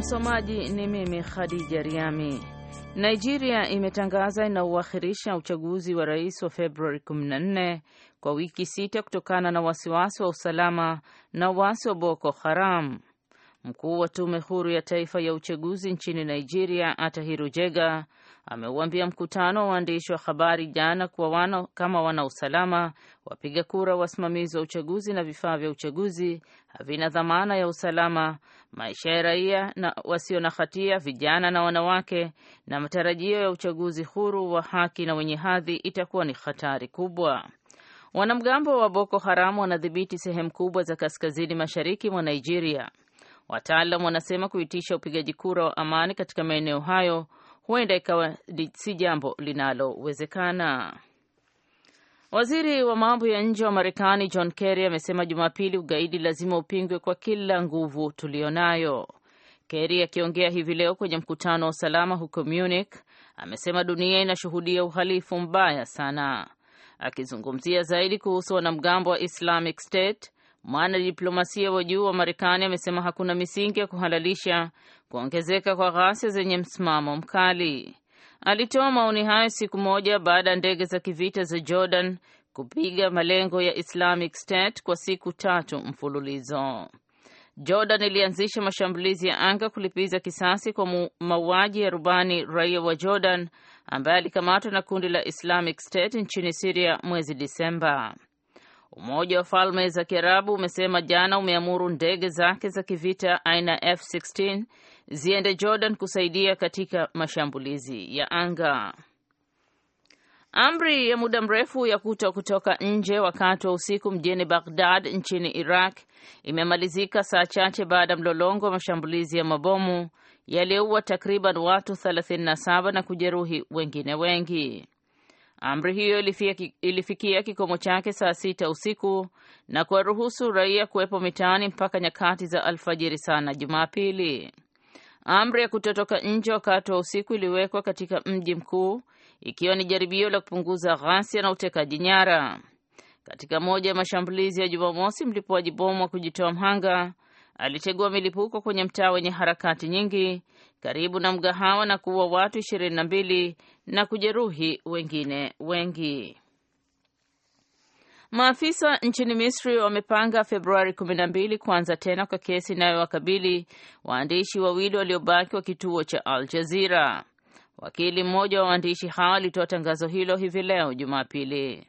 Msomaji ni mimi Khadija Riami. Nigeria imetangaza inauakhirisha uchaguzi wa rais wa Februari 14 kwa wiki sita kutokana na wasiwasi wa usalama na uasi wa Boko Haram. Mkuu wa tume huru ya taifa ya uchaguzi nchini Nigeria, Atahiru Jega, ameuambia mkutano wa waandishi wa habari jana kuwa wana, kama wana usalama wapiga kura, wasimamizi wa uchaguzi na vifaa vya uchaguzi havina dhamana ya usalama, maisha ya raia na wasio na hatia, vijana na wanawake, na matarajio ya uchaguzi huru wa haki na wenye hadhi itakuwa ni hatari kubwa. Wanamgambo wa Boko Haram wanadhibiti sehemu kubwa za kaskazini mashariki mwa Nigeria. Wataalam wanasema kuitisha upigaji kura wa amani katika maeneo hayo huenda ikawa si jambo linalowezekana. Waziri wa mambo ya nje wa Marekani John Kerry amesema Jumapili ugaidi lazima upingwe kwa kila nguvu tuliyonayo. Kerry akiongea hivi leo kwenye mkutano wa usalama huko Munich amesema dunia inashuhudia uhalifu mbaya sana. Akizungumzia zaidi kuhusu wanamgambo wa Islamic State, mwanadiplomasia wa juu wa Marekani amesema hakuna misingi ya kuhalalisha kuongezeka kwa ghasia zenye msimamo mkali. Alitoa maoni hayo siku moja baada ya ndege za kivita za Jordan kupiga malengo ya Islamic State kwa siku tatu mfululizo. Jordan ilianzisha mashambulizi ya anga kulipiza kisasi kwa mauaji ya rubani raia wa Jordan ambaye alikamatwa na kundi la Islamic State nchini Siria mwezi Disemba. Umoja wa Falme za Kiarabu umesema jana umeamuru ndege zake za kivita aina F16 ziende Jordan kusaidia katika mashambulizi ya anga. Amri ya muda mrefu ya kuto kutoka nje wakati wa usiku mjini Baghdad nchini Iraq imemalizika saa chache baada ya mlolongo wa mashambulizi ya mabomu yaliyoua takriban watu 37 na kujeruhi wengine wengi. Amri hiyo ilifikia kikomo chake saa sita usiku na kuwaruhusu raia kuwepo mitaani mpaka nyakati za alfajiri sana Jumapili. Amri ya kutotoka nje wakati wa usiku iliwekwa katika mji mkuu ikiwa ni jaribio la kupunguza ghasia na utekaji nyara. Katika moja ya mashambulizi ya Jumamosi, mlipuaji bomu wa kujitoa mhanga alitegua milipuko kwenye mtaa wenye harakati nyingi karibu na mgahawa na kuua watu ishirini na mbili na kujeruhi wengine wengi. Maafisa nchini Misri wamepanga Februari kumi na mbili kuanza tena kwa kesi inayowakabili waandishi wawili waliobaki wa kituo cha Al Jazira. Wakili mmoja wa waandishi hawa alitoa tangazo hilo hivi leo Jumapili.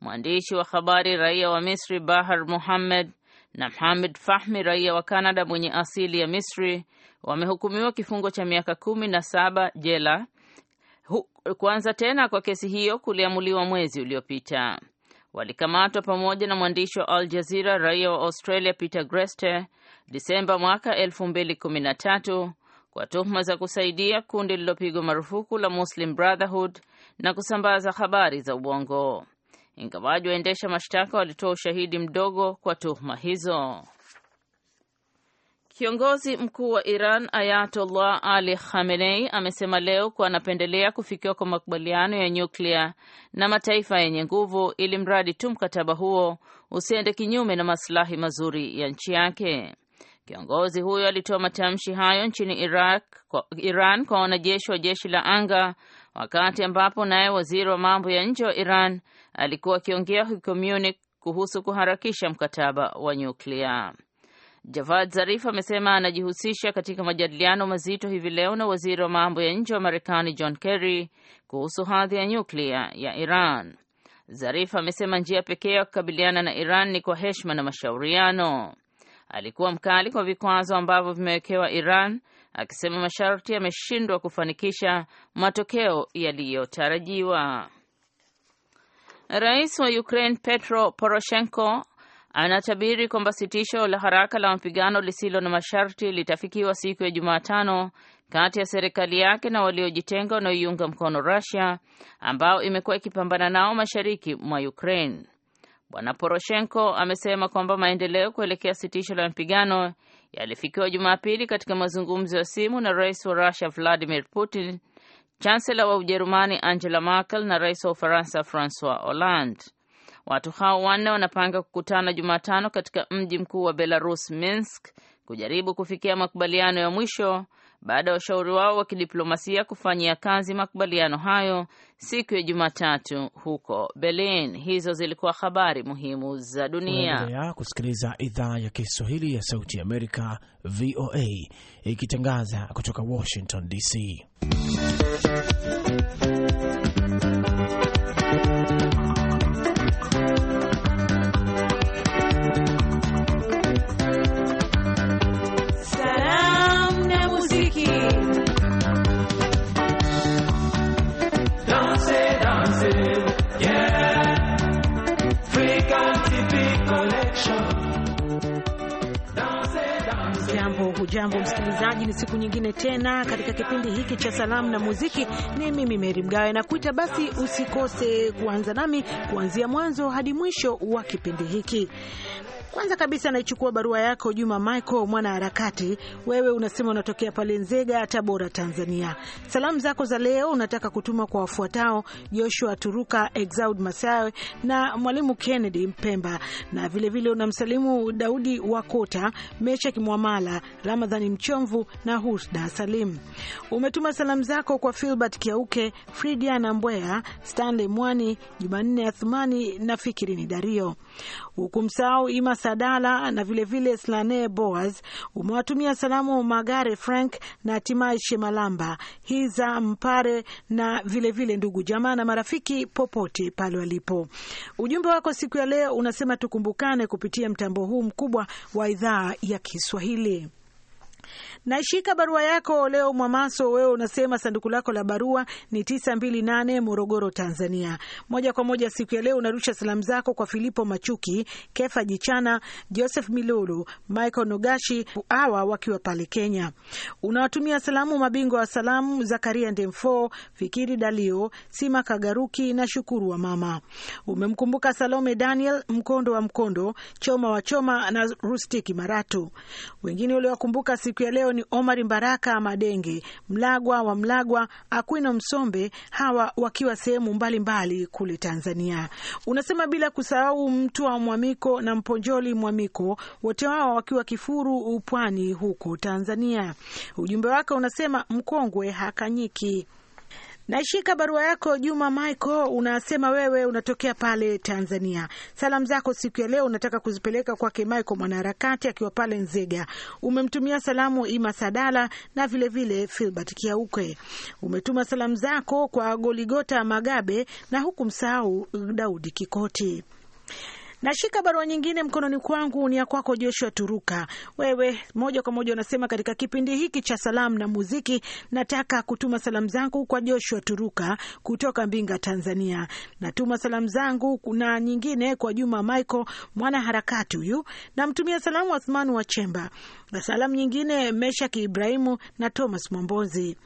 Mwandishi wa habari raia wa Misri Bahar Muhammed na mhamed Fahmi raia wa Kanada mwenye asili ya Misri wamehukumiwa kifungo cha miaka kumi na saba jela. Kuanza tena kwa kesi hiyo kuliamuliwa mwezi uliopita walikamatwa pamoja na mwandishi wa Al Jazeera raia wa Australia Peter Greste Disemba mwaka 2013 kwa tuhuma za kusaidia kundi lililopigwa marufuku la Muslim Brotherhood na kusambaza habari za uongo, ingawaji waendesha mashtaka walitoa ushahidi mdogo kwa tuhuma hizo. Kiongozi mkuu wa Iran Ayatollah Ali Khamenei amesema leo kuwa anapendelea kufikiwa kwa makubaliano ya nyuklia na mataifa yenye nguvu ili mradi tu mkataba huo usiende kinyume na masilahi mazuri ya nchi yake. Kiongozi huyo alitoa matamshi hayo nchini Iraq, kwa, Iran kwa wanajeshi wa jeshi la anga wakati ambapo naye waziri wa mambo ya nje wa Iran alikuwa akiongea huko Munich kuhusu kuharakisha mkataba wa nyuklia. Javad Zarif amesema anajihusisha katika majadiliano mazito hivi leo na waziri wa mambo ya nje wa Marekani John Kerry kuhusu hadhi ya nyuklia ya Iran. Zarif amesema njia pekee ya kukabiliana na Iran ni kwa heshima na mashauriano. Alikuwa mkali kwa vikwazo ambavyo vimewekewa Iran, akisema masharti yameshindwa kufanikisha matokeo yaliyotarajiwa. Rais wa Ukraine Petro Poroshenko anatabiri kwamba sitisho la haraka la mapigano lisilo na masharti litafikiwa siku ya Jumatano kati ya serikali yake na waliojitenga wanaoiunga mkono Rusia ambao imekuwa ikipambana nao mashariki mwa Ukraine. Bwana Poroshenko amesema kwamba maendeleo kuelekea sitisho la mapigano yalifikiwa Jumapili katika mazungumzo ya simu na rais wa Russia Vladimir Putin, chansela wa Ujerumani Angela Merkel na rais wa Ufaransa Francois Hollande. Watu hao wanne wanapanga kukutana Jumatano katika mji mkuu wa Belarus, Minsk, kujaribu kufikia makubaliano ya mwisho baada ya washauri wao wa kidiplomasia kufanyia kazi makubaliano hayo siku ya Jumatatu huko Berlin. Hizo zilikuwa habari muhimu za dunia. Unaendelea kusikiliza idhaa ya Kiswahili ya Sauti ya Amerika, VOA, ikitangaza kutoka Washington DC. Hujambo msikilizaji, ni siku nyingine tena katika kipindi hiki cha salamu na muziki. Ni mimi Meri Mgawe nakuita, basi usikose kuanza nami kuanzia mwanzo hadi mwisho wa kipindi hiki. Kwanza kabisa naichukua barua yako Juma Michael harakati, Wewe unasema unatokea pale Nzega, Tabora, Tanzania. Salamu zako za leo unataka kutuma kwa wafuatao: Joshua Turuka, Exaud Masawe na Mwalimu Kennedy Mpemba, na vilevile vile unamsalimu Daudi Wakota, Mecha Kimwamala, Ramadhani Mchomvu na Husda Salim. Umetuma salamu zako kwa Filbert Kiauke, Fridiana Mbwea, Stanley Mwani, Jumanne Athumani na Fikirini Dario, hukumsahau Ima Sadala na vilevile Slane boas umewatumia salamu Magare Frank na Timai Shemalamba Hiza Mpare na vilevile vile ndugu jamaa na marafiki popote pale walipo. Ujumbe wako siku ya leo unasema tukumbukane kupitia mtambo huu mkubwa wa idhaa ya Kiswahili. Naishika barua yako leo Mwamaso, wewe unasema sanduku lako la barua ni 928 Morogoro, Tanzania. Moja kwa moja siku ya leo unarusha salamu zako kwa Filipo Machuki, Kefa Jichana, Joseph Milulu, Michael Nogashi, awa wakiwa pale Kenya. Unawatumia salamu mabingwa wa salamu Zakaria Ndemfo, Fikiri Dalio, Sima Kagaruki na Shukuru wa mama. Umemkumbuka Salome Daniel, Mkondo wa Mkondo, Choma wa Choma na Rustiki Maratu. Wengine uliwakumbuka siku ya leo ni Omari Mbaraka Madenge, Mlagwa wa Mlagwa, Akwino Msombe, hawa wakiwa sehemu mbalimbali kule Tanzania. Unasema bila kusahau mtu wa Mwamiko na Mponjoli Mwamiko, wote wao wakiwa Kifuru upwani huko Tanzania. Ujumbe wake unasema mkongwe hakanyiki. Naishika barua yako Juma Michael, unasema wewe unatokea pale Tanzania. Salamu zako siku ya leo unataka kuzipeleka kwake Michael mwanaharakati akiwa pale Nzega. Umemtumia salamu Ima Sadala na vilevile Filbert kiauke Umetuma salamu zako kwa Goligota Magabe na huku msahau Daudi Kikoti. Nashika barua nyingine mkononi kwangu, ni ya kwako Joshua Turuka. Wewe moja kwa moja unasema katika kipindi hiki cha salamu na muziki, nataka kutuma salamu zangu kwa Joshua Turuka kutoka Mbinga, Tanzania. Natuma salamu zangu na nyingine kwa Juma Michael, mwana harakati huyu, namtumia salamu Athmani wa Chemba na salamu nyingine Meshaki Ibrahimu na Thomas Mwambozi.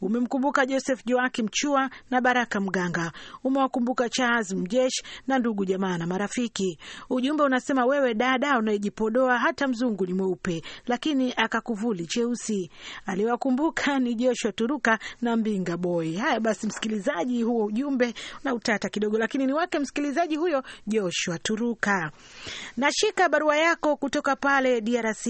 Umemkumbuka Joseph Joaki Mchua na Baraka Mganga, umewakumbuka Charles Mjesh na ndugu jamaa na marafiki Ujumbe unasema wewe dada unayejipodoa, hata mzungu ni mweupe, lakini akakuvuli cheusi. Aliwakumbuka ni Joshua Turuka na Mbinga Boy. Haya basi, msikilizaji, huo ujumbe na utata kidogo, lakini ni wake msikilizaji huyo Joshua Turuka. Nashika barua yako kutoka pale DRC.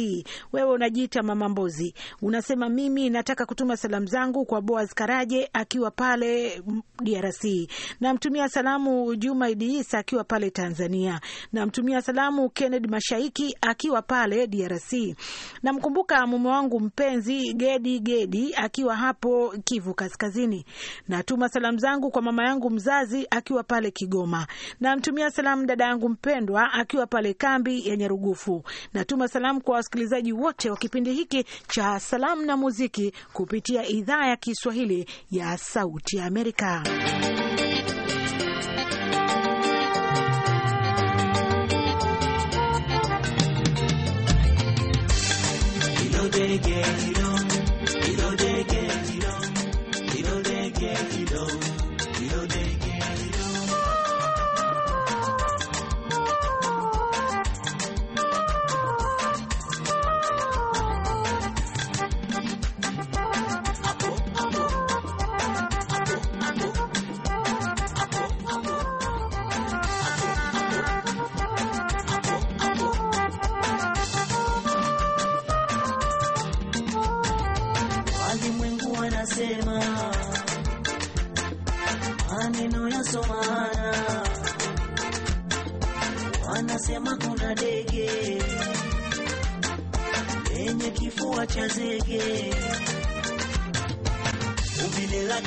Wewe unajiita Mama Mbozi, unasema mimi nataka kutuma salamu zangu kwa Boaz Karaje akiwa pale DRC, namtumia salamu Juma Idiisa akiwa pale Tanzania, Namtumia salamu Kennedy Mashaiki akiwa pale DRC. Namkumbuka mume wangu mpenzi Gedi Gedi akiwa hapo Kivu Kaskazini. Natuma salamu zangu kwa mama yangu mzazi akiwa pale Kigoma. Namtumia salamu dada yangu mpendwa akiwa pale kambi ya Nyarugufu. Natuma salamu kwa wasikilizaji wote wa kipindi hiki cha salamu na muziki kupitia idhaa ya Kiswahili ya Sauti ya Amerika. renegade.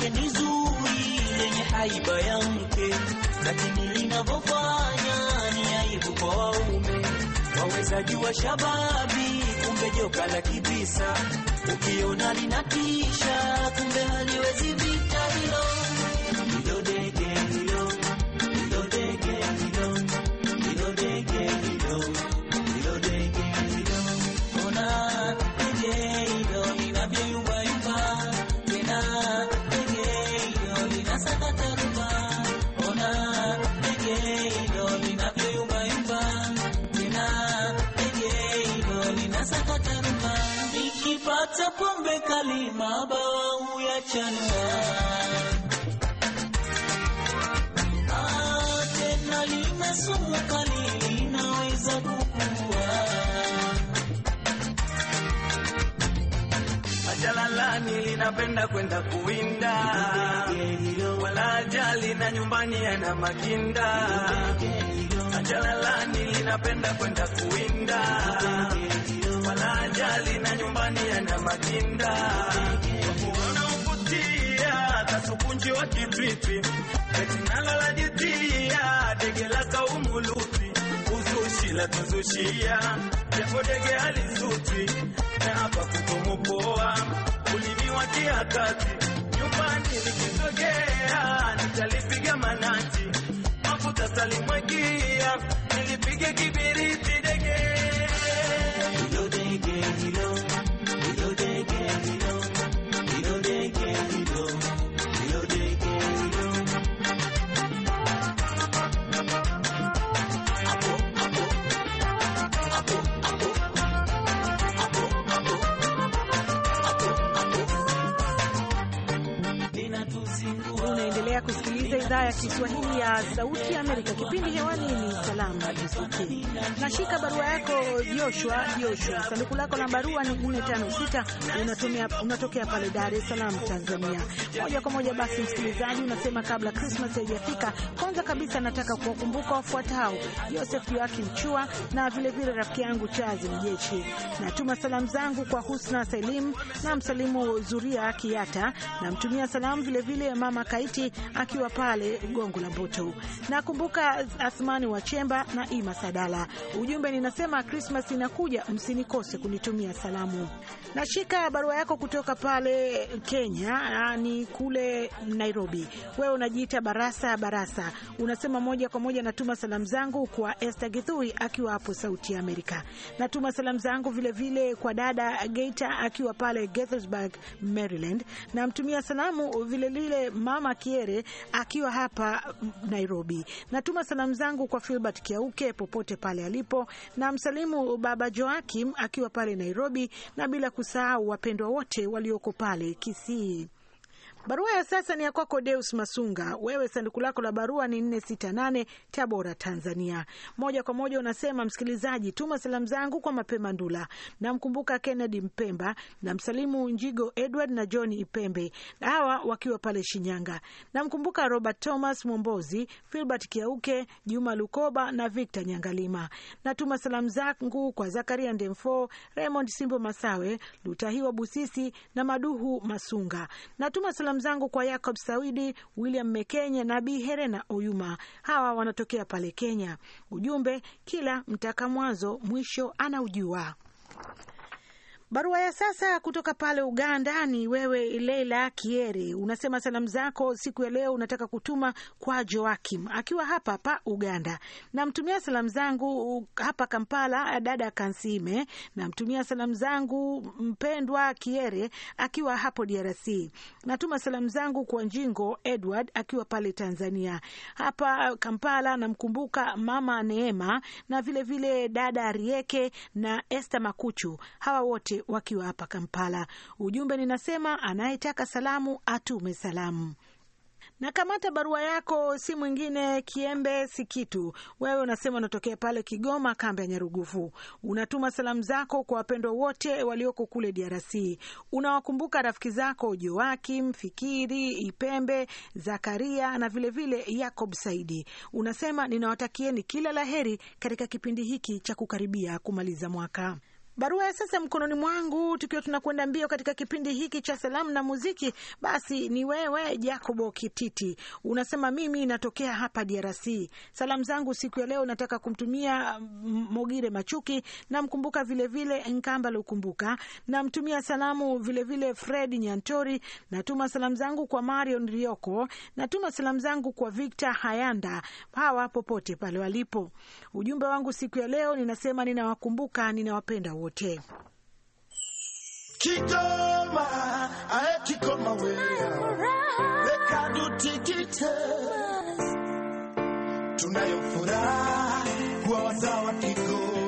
lake ni zuri lenye haiba ya mke, lakini linavyofanya ni aibu kwa waume. Waweza jua shababi, kumbe joka la kibisa, ukiona linatisha, kumbe haliwezi vita hilo. kalima sumu kali kukua ajalalani linapenda kwenda kuwinda wala ajali na nyumbani yana makinda ajalalani linapenda kwenda kuwinda wala ajali na nyumbani yana makinda unaovutia kasukunji wa kitwitwi jitia dege la kaumulupi uzushi la tuzushia japo dege alizuti na hapa ulimi wa kiakati nyumbani nikisogea nitalipiga manati mafuta salimwagia nilipige kibiriti Marcos Guilherme. kusikiliza idhaa ya Kiswahili ya Sauti ya Amerika. Kipindi hewani ni salamu na muziki. Nashika barua yako Joshua. Joshua, sanduku lako la barua ni 456 unatumia, unatokea pale Dar es Salaam, Tanzania. Moja kwa moja basi, msikilizaji, unasema kabla Krismas haijafika, kwanza kabisa nataka kuwakumbuka wafuatao: Joseph Joakim Mchua na vilevile rafiki yangu Chazi Mjechi. Natuma salamu zangu kwa Husna Salim na msalimu Zuria Kiata, namtumia salamu vilevile vile mama Kaiti akiwa pale Gongo la Mboto. Nakumbuka Asmani wa Chemba na Ima Sadala, ujumbe ninasema Krismas inakuja, msinikose kunitumia salamu. Nashika barua yako kutoka pale Kenya, ni yaani kule Nairobi. Wewe unajiita Barasa Barasa, unasema moja kwa moja natuma salamu zangu kwa Esther Githui akiwa hapo Sauti ya Amerika. Natuma salamu zangu vilevile vile kwa dada Geita akiwa pale Gaithersburg, Maryland. Namtumia salamu vilevile mama Kiere akiwa hapa Nairobi. Natuma salamu zangu kwa Filbert Kiauke popote pale alipo, na msalimu baba Joakim akiwa pale Nairobi, na bila kusahau wapendwa wote walioko pale Kisii. Barua ya sasa ni ya kwako Deus Masunga. Wewe sanduku lako la barua ni 468 Tabora, Tanzania. Moja kwa moja unasema, msikilizaji, tuma salamu zangu kwa Mapema Ndula, namkumbuka Kennedy Mpemba na msalimu Njigo Edward na John Ipembe, hawa wakiwa pale Shinyanga. Namkumbuka Robert Thomas Mwombozi, Filbert Kiauke, Juma Lukoba na Victor Nyangalima. Natuma salamu zangu kwa Zakaria Ndemfo, Raymond Simbo Masawe, Lutahiwa Busisi na Maduhu Masunga. Natuma salamu Salamu zangu kwa yacob Sawidi, William Mekenye na Bi Herena Oyuma, hawa wanatokea pale Kenya. Ujumbe, kila mtaka mwanzo mwisho anaujua. Barua ya sasa kutoka pale Uganda ni wewe Leila Kiere, unasema salamu zako siku ya leo unataka kutuma kwa Joakim akiwa hapa hapa Uganda. Namtumia salamu zangu hapa Kampala dada Kansime, namtumia salamu zangu mpendwa Kiere akiwa hapo DRC. Natuma salamu zangu kwa Njingo Edward akiwa pale Tanzania. Hapa Kampala namkumbuka mama Neema na vilevile vile dada Rieke na Esther Makuchu, hawa wote wote wakiwa hapa Kampala. Ujumbe ninasema, anayetaka salamu atume salamu. nakamata barua yako, si mwingine Kiembe Sikitu. Wewe unasema unatokea pale Kigoma, kambi ya Nyarugufu. Unatuma salamu zako kwa wapendwa wote walioko kule DRC. Unawakumbuka rafiki zako Joakim Fikiri, Ipembe Zakaria na vilevile vile Yakob Saidi. Unasema ninawatakieni kila laheri katika kipindi hiki cha kukaribia kumaliza mwaka barua ya sasa mkononi mwangu, tukiwa tunakwenda mbio katika kipindi hiki cha salamu na muziki. Basi ni wewe Jacobo Kititi, unasema mimi natokea hapa DRC. Salamu zangu siku ya leo nataka kumtumia mm, Mogire Machuki, namkumbuka vilevile Nkamba Lukumbuka, namtumia salamu vilevile vile Fred Nyantori, natuma salamu zangu kwa Marion Rioko, natuma salamu zangu kwa Victor Hayanda, hawa popote pale walipo. Ujumbe wangu siku ya leo ninasema ninawakumbuka, ninawapenda wote. kukutea Kigoma, ae Kigoma wewe, tunayo furaha kwa wazawa Kigoma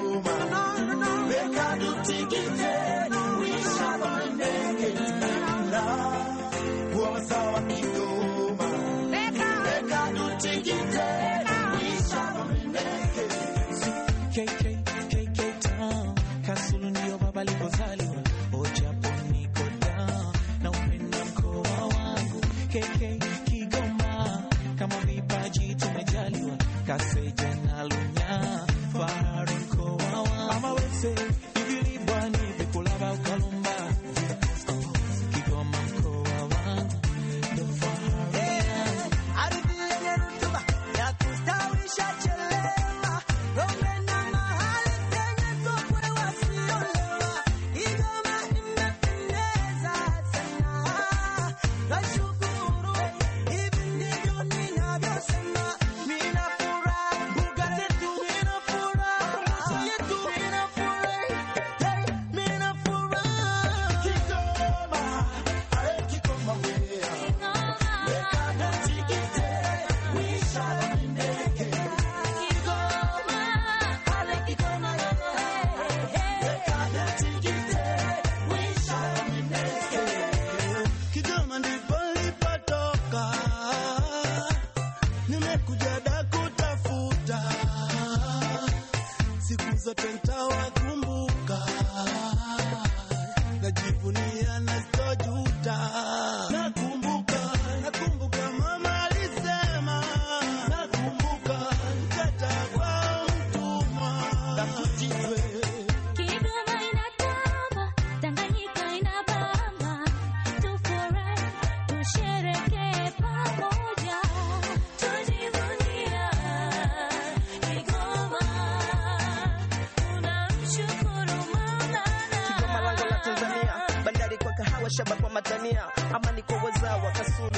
shabakwa matania ama niko wazawa kasulu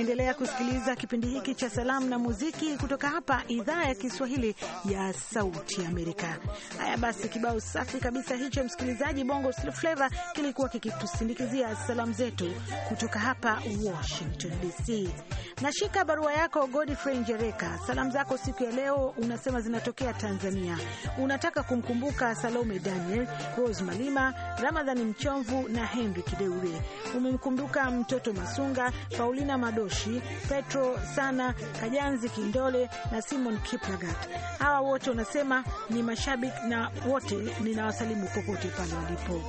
Unaendelea kusikiliza kipindi hiki cha salamu na muziki kutoka hapa idhaa ya Kiswahili ya Sauti Amerika. Haya basi, kibao safi kabisa hicho, msikilizaji. Bongo Flava kilikuwa kikitusindikizia salamu zetu kutoka hapa Washington DC. Nashika barua yako Godfrey Njereka. Salamu zako siku ya leo unasema zinatokea Tanzania. Unataka kumkumbuka Salome Daniel, Rose Malima, Ramadhani Mchomvu na Henry Kideure. Umemkumbuka mtoto Masunga, Paulina Madoshi, Petro Sana, Kajanzi Kindole na Simon Kiplagat. Hawa wote unasema ni mashabiki na wote ninawasalimu popote pale walipo.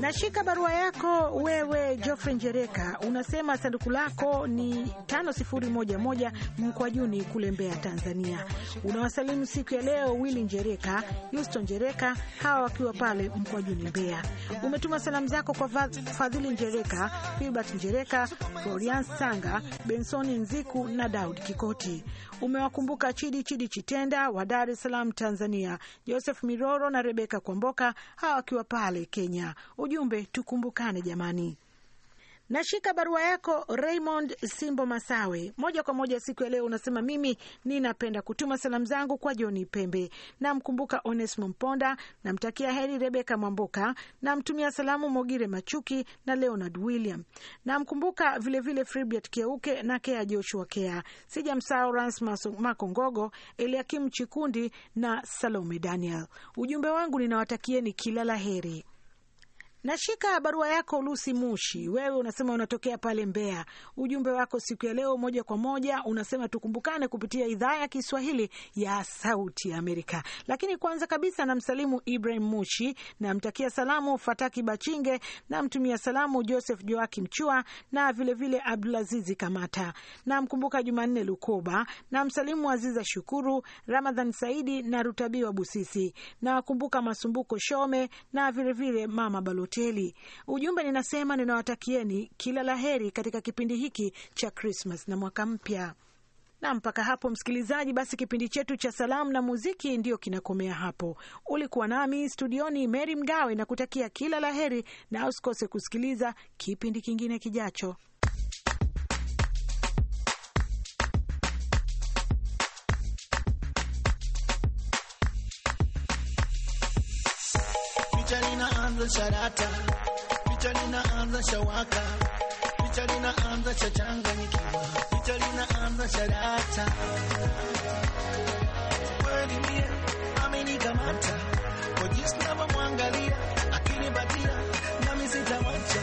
Nashika barua yako wewe Geoffrey Njereka, unasema sanduku lako ni 5011 Mkwajuni kule Mbeya, Tanzania. Unawasalimu siku ya leo Willi Njereka, Houston Njereka, hawa wakiwa pale Mkwajuni Mbeya. Umetuma salamu zako kwa Fadhili Njereka, Filbert Njereka, Florian Sanga, Bensoni Nziku na Daud Kikoti umewakumbuka Chidi Chidi Chitenda wa Dar es Salaam, Tanzania, Joseph Miroro na Rebeka Kwamboka, hawa wakiwa pale Kenya. Ujumbe, tukumbukane jamani. Nashika barua yako Raymond Simbo Masawe, moja kwa moja siku ya leo. Unasema mimi ninapenda kutuma salamu zangu kwa Joni Pembe, namkumbuka Onesmo Mponda, namtakia heri Rebeka Mwamboka, namtumia salamu Mogire Machuki na Leonard William, namkumbuka vilevile Fribert Keuke na Kea Joshua Kea, sijamsahau Rasmus Makongogo, Eliakim Chikundi na Salome Daniel. Ujumbe wangu ninawatakieni kila la heri. Nashika barua yako Lusi Mushi, wewe unasema unatokea pale Mbeya. Ujumbe wako siku ya leo moja kwa moja unasema tukumbukane kupitia idhaa ya Kiswahili ya Sauti ya Amerika. Lakini kwanza kabisa namsalimu Ibrahim Mushi, namtakia salamu Fataki Bachinge, namtumia salamu Joseph Joaki Mchua na vilevile Abdulazizi Kamata, namkumbuka Jumanne Lukoba, namsalimu Aziza Shukuru, Ramadhan Saidi na Rutabiwa Busisi, nawakumbuka Masumbuko Shome na vilevile vile Mama Baloti hoteli. Ujumbe ninasema ninawatakieni kila laheri katika kipindi hiki cha Krismas na mwaka mpya. Na mpaka hapo msikilizaji, basi kipindi chetu cha salamu na muziki ndiyo kinakomea hapo. Ulikuwa nami studioni Meri Mgawe na kutakia kila laheri, na usikose kusikiliza kipindi kingine kijacho. tarata, picha linaanza shawaka, picha linaanza chachanganyikiwa, picha linaanza charata, welimie amenikamata kwa jinsi navyomwangalia, akinipatia nami sitamacha,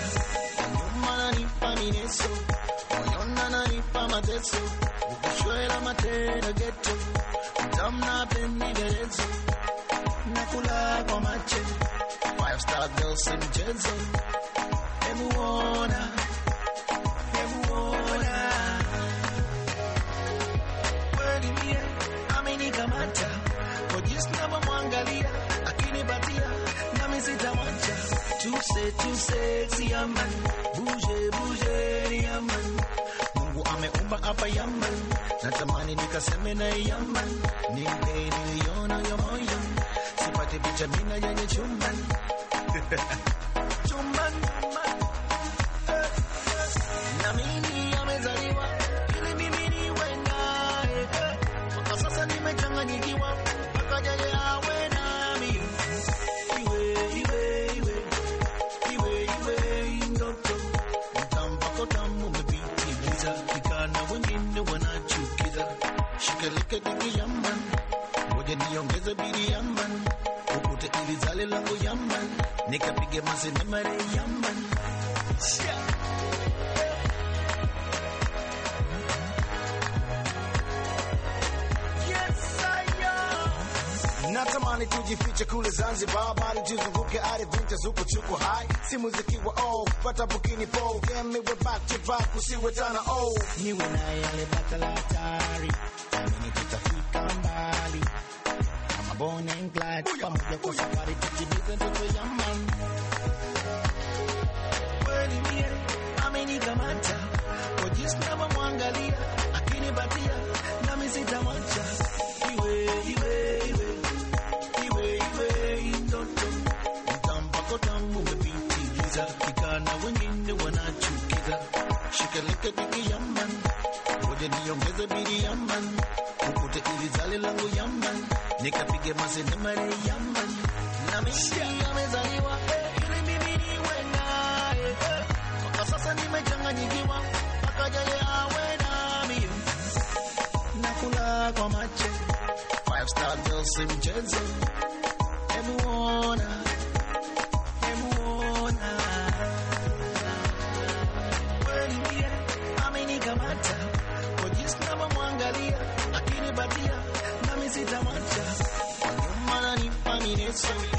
nyuma nanipa mineso, moyona nanipa mateso, ukushwela matera geto, tamna pendelezo, nakula kwa macho Five star girls in Jersey. Everyone, everyone. Wewe aminika mata kwa jinsi navyomwangalia akinipatia nami sitawacha. Tuse tuse si Yaman, buje buje ni Yaman. Mungu ameumba hapa Yaman, natamani nikaseme na Yaman, ni mpenzi yona ya moyo kitabu cha yenye chuman chuman na mimi amezaliwa ili mimi niwe naye, mpaka sasa nimechanganyikiwa mpaka awe nami iwe iwe iwe iwe iwe ndoto mtampako tamu umepitiliza kikana wengine wanachukiza shikalike digiyaman moja niongeze biliyaman ukute ili zale langu Yaman, nikapige mazinemare Yaman Natamani tujifiche kule Zanzibar, bali tuzunguke arivunja zuko chuko hai, si muziki wa oh, pata bukini po game we back to back, usiwe tana oh, niwe na yale batala hatari, amini tutafika mbali Born and glide, pamoja kwa safari tuchilize ndoto ya man. Kweli mie amenikamata kwa jinsi navyomwangalia, akinipatia nami sitamwacha, iwe iwe iwe iwe iwe ndoto mtampako tangu umepitiliza, kikana wengine wanachukiza shikalika kiki biri yaman, ukute ili zali langu yaman, nikapige mase na mare yaman, na mishi amezaliwa ili mimi niwe naye, mpaka sasa nimechanganyikiwa, akaja yeye awe nami, nakula kwa macho, five star girls si mchezo, hebu ona soon.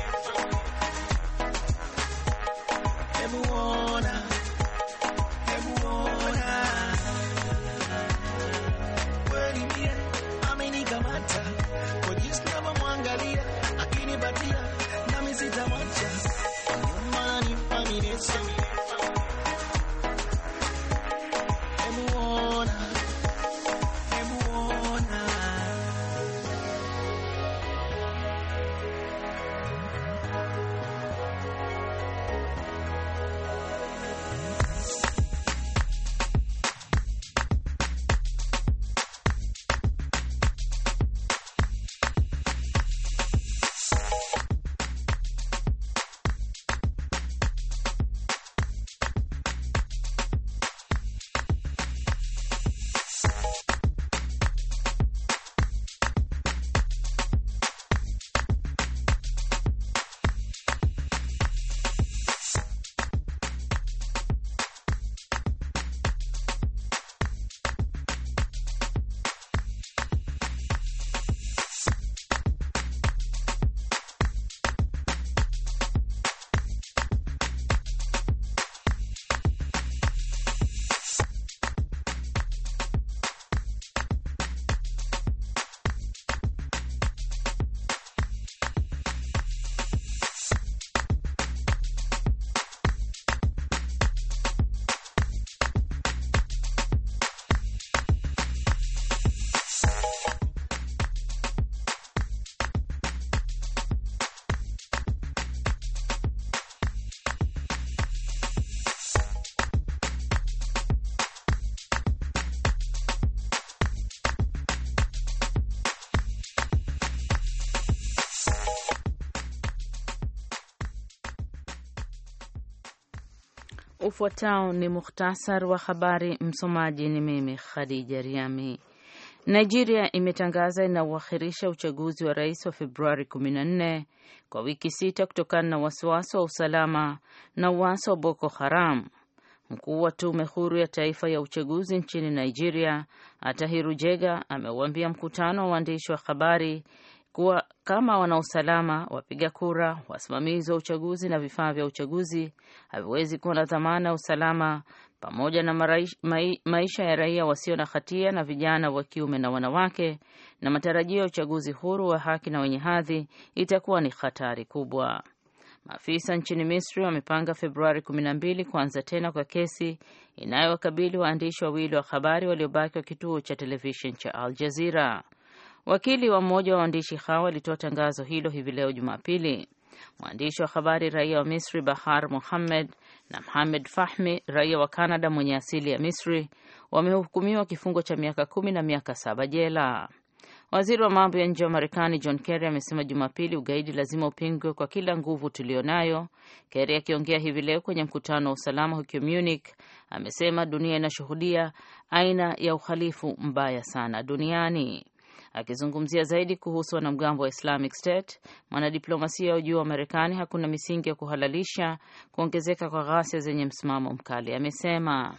Ufuatao ni muhtasar wa habari. Msomaji ni mimi Khadija Riami. Nigeria imetangaza inauakhirisha uchaguzi wa rais wa Februari 14 kwa wiki sita kutokana na wasiwasi wa usalama na uwaso wa Boko Haram. Mkuu wa tume huru ya taifa ya uchaguzi nchini Nigeria, Atahiru Jega, ameuambia mkutano wa waandishi wa habari kuwa kama wanausalama, wapiga kura, wasimamizi wa uchaguzi na vifaa vya uchaguzi haviwezi kuwa na dhamana ya usalama, pamoja na maraish, mai, maisha ya raia wasio na hatia na vijana wa kiume na wanawake, na matarajio ya uchaguzi huru wa haki na wenye hadhi, itakuwa ni hatari kubwa. Maafisa nchini Misri wamepanga Februari 12 kuanza tena kwa kesi inayowakabili waandishi wawili wa habari waliobaki wa kituo cha televisheni cha Al Jazeera. Wakili wa mmoja wa waandishi hao alitoa tangazo hilo hivi leo Jumapili. Mwandishi wa habari raia wa Misri Bahar muhammed na mhamed Fahmi raia wa Kanada mwenye asili ya Misri wamehukumiwa kifungo cha miaka kumi na miaka saba jela. Waziri wa mambo ya nje wa Marekani John Kerry amesema Jumapili, ugaidi lazima upingwe kwa kila nguvu nayo. Kerry akiongea hivi leo kwenye mkutano wa usalama huko Munich amesema dunia inashuhudia aina ya uhalifu mbaya sana duniani. Akizungumzia zaidi kuhusu wanamgambo wa Islamic State, mwanadiplomasia wa juu wa Marekani hakuna misingi ya kuhalalisha kuongezeka kwa ghasia zenye msimamo mkali, amesema.